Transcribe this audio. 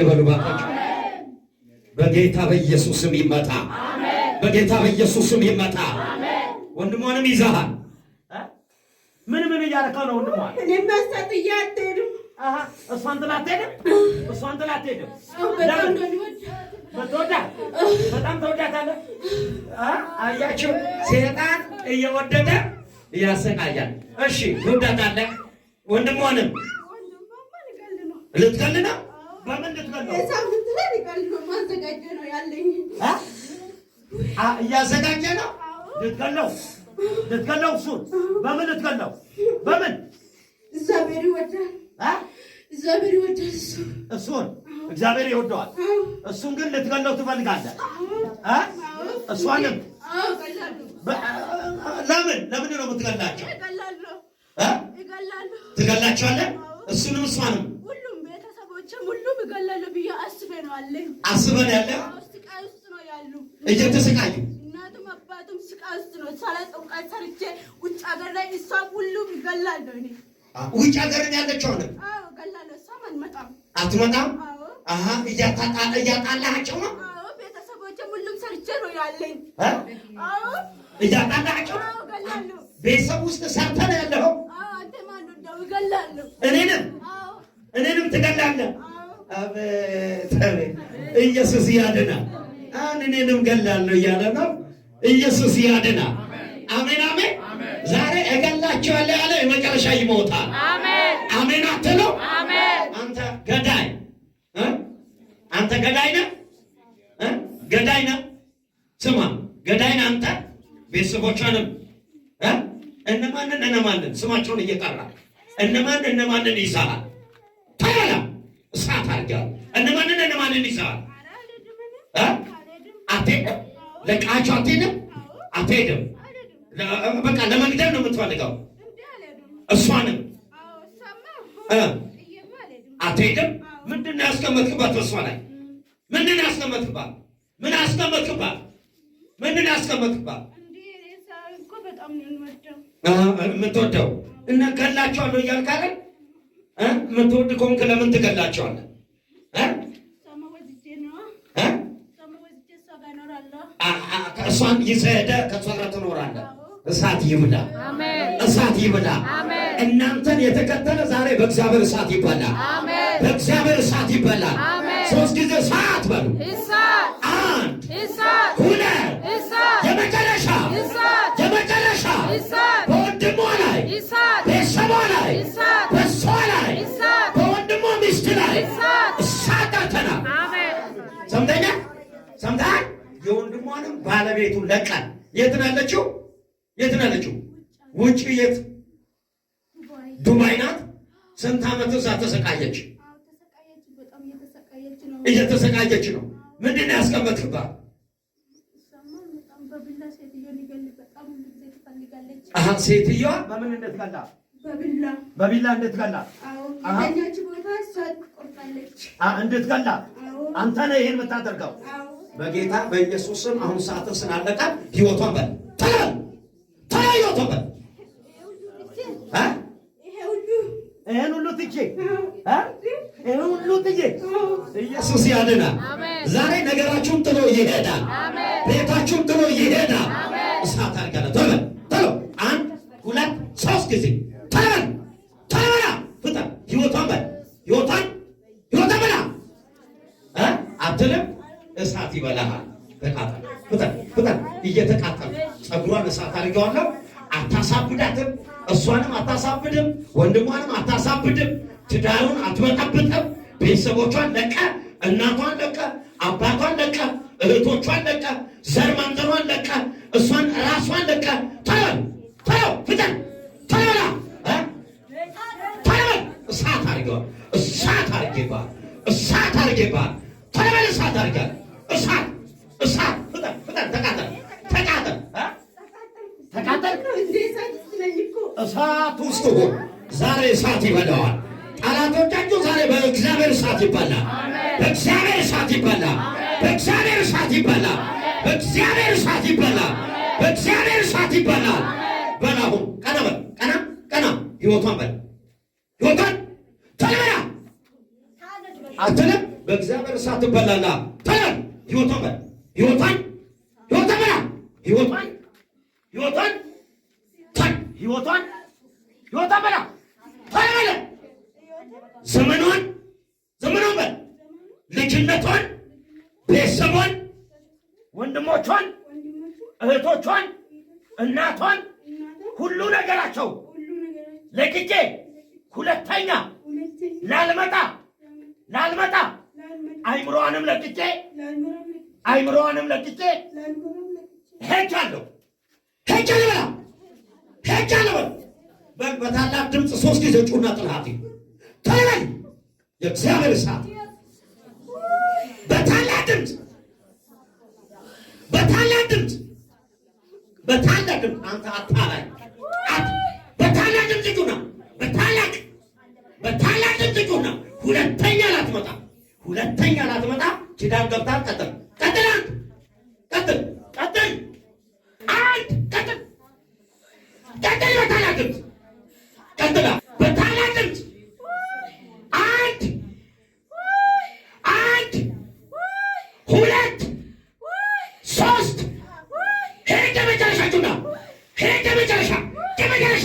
ይበሉ ይበሉባቶች በጌታ በኢየሱስም ይመጣ፣ በጌታ በኢየሱስም ይመጣ። ወንድሟንም ይዛሃል። ምን ምን እያደረከው ነው? ወንድሟ እሷን ጥላ አትሄድም። እሷን ጥላ አትሄድም። በጣም ተወዳታለህ። አያችሁ፣ ሴጣን እየወደደ ያሰቃያል። እሺ፣ ትወዳታለህ። ወንድሟንም ልትቀልድ ነው በምን እያዘጋጀ ነው። ልትገለው ልትገለው? እሱን በምን ልትገለው? በምን እሱን እግዚአብሔር ይወደዋል። እሱን ግን ልትገለው ትፈልጋለህ? እሷንም ለምን ለምን ነው የምትገላቸው? ትገላቸዋለህ? እሱንም እሷንም አስበን ያለ እየተሰቃዩ እናቱም አባቱም ስቃ ውስጥ ነው። ሳላጠውቃት ሰርቼ ውጭ ሀገር ላይ እሷም ሁሉም እገላለሁ። እኔ ውጭ ሀገር ያለችው አለ እገላለሁ። እሷም አትመጣም አትመጣም። እያጣላቸው ነው። ቤተሰቦችም ሁሉም ሰርቼ ነው ያለኝ። እያጣላቸው ቤተሰብ ውስጥ ሰርተን ያለኸው እኔንም እኔንም ትገላለህ አቤት ኢየሱስ ያድናል። አሁን እኔንም ገላለሁ እያለ ነው። ኢየሱስ ያድና አሜን አሜን። ዛሬ እገላቸዋለሁ ያለ የመጨረሻ ይሞታል። አሜን አትለው አንተ ገዳይ፣ አንተ ገዳይ ነህ፣ ገዳይ ነህ። ስማ አንተ ቤተሰቦቿንም እነማንን እነማንን ስማቸውን እየጠራ እነማን እነማንን ይሰራል ተላላ እሳት አድርገው እነማንን እነማንን ይዘዋል? አትሄድም፣ ለቃችሁ አትሄድም፣ አትሄድም። በቃ ለመግደል ነው የምትፈልገው እሷንም አትሄድም። ምንድን ነው ያስቀመጥክባት? እሷ ላይ ምንድን ነው ያስቀመጥክባት? ምን አስቀመጥክባት? ምንድን ነው ያስቀመጥክባት? የምትወደው እነ ገላቸዋለሁ እያልክ አይደል የምትወድ ከሆንክ ለምን ትገላቸዋለህ? እሷን ይዘህ ሄደህ ከእሷ ጋር ትኖራለህ። እሳት ይብላ፣ እሳት ይብላ። እናንተን የተከተለ ዛሬ በእግዚአብሔር እሳት ይበላል፣ በእግዚአብሔር እሳት ይበላል። ሶስት ጊዜ እሳት በሉ። አንድ አሁንም ባለቤቱን ለቃል የት ናለችው? የት ናለችው? ውጭ የት ዱባይ ናት። ስንት ዓመት እዛ ተሰቃየች፣ እየተሰቃየች ነው። ምንድን ነው ያስቀመጥክባት? ሴትዮዋ በምን እንድትቀላ በቢላ በቢላ እንድትቀላ እንድትቀላ አንተ ነህ ይሄን የምታደርገው በጌታ በኢየሱስ ስም አሁን ሰዓትን ስናለቀ ህይወቷን በል ተራ ህይወቷን በል ይህን ሁሉ ትቼ ሁሉ ትቼ ኢየሱስ ያድናል። ዛሬ ነገራችሁን ጥሎ ይሄዳል። ቤታችሁን ጥሎ ይሄዳል። እሳት አንድ ሁለት ሶስት ጊዜ ፍጠን ፍጠን፣ እየተቃጠለ ፀጉሯን እሳት አድርጌዋለሁ። አታሳብዳትም፣ እሷንም አታሳብድም፣ ወንድሟንም አታሳብድም፣ ትዳሩን አትበጠብጥም። ቤተሰቦቿን ለቀ፣ እናቷን ለቀ፣ አባቷን ለቀ፣ እህቶቿን ለቀ፣ ዘር ማንዘሯን ለቀ፣ እሷን ራሷን ለቀ። ፍጠን እሳት እሳት አድርጌባል፣ እሳት አድርጌባል፣ እሳት እሳት እሳት እሳት ውስጥ ሁን። ዛሬ እሳት ይበላዋል። ጠላቶቻችሁ ዛሬ በእግዚአብሔር እሳት ይበላል። በእግዚአብሔር እሳት ይበላል። በእግዚአብሔር እሳት በእግዚአብሔር እሳት በእግዚአብሔር እሳት ቀና በል ቀና ቀና ህይወቷን በል ህይወቷን አትልም። በእግዚአብሔር እሳት ህይወቷን በል ህይወቷን ህይወቷን ህይወቷን ህይወቷን ህይወቷ በላ ታይበለ ዘመኗን ዘመኗን በል ልጅነቷን ቤተሰቧን ወንድሞቿን እህቶቿን እናቷን ሁሉ ነገራቸው ለቅቄ ሁለተኛ ላልመጣ ላልመጣ አይምሮዋንም ለቅቄ አይምሮዋንም ለቅቄ ሄጃለሁ ሄጃለሁ ሄጃለሁ። በታላቅ ድምፅ ሶስት ጊዜ ጩና ጥላቴ ተለይ የእግዚአብሔር እሳት በታላቅ ድምፅ በታላቅ ድምፅ በታላቅ ድምፅ አንተ አታላይ በታላቅ ድምፅ ጩና በታላቅ በታላቅ ድምፅ ጩና ሁለተኛ ላትመጣ ሁለተኛ ላትመጣ ኪዳን ገብታ ድምፅ ቀጥላ በታላቅ አንድ አንድ ሁለት ሶስት ሄደ መጨረሻችሁና ሄደ መጨረሻ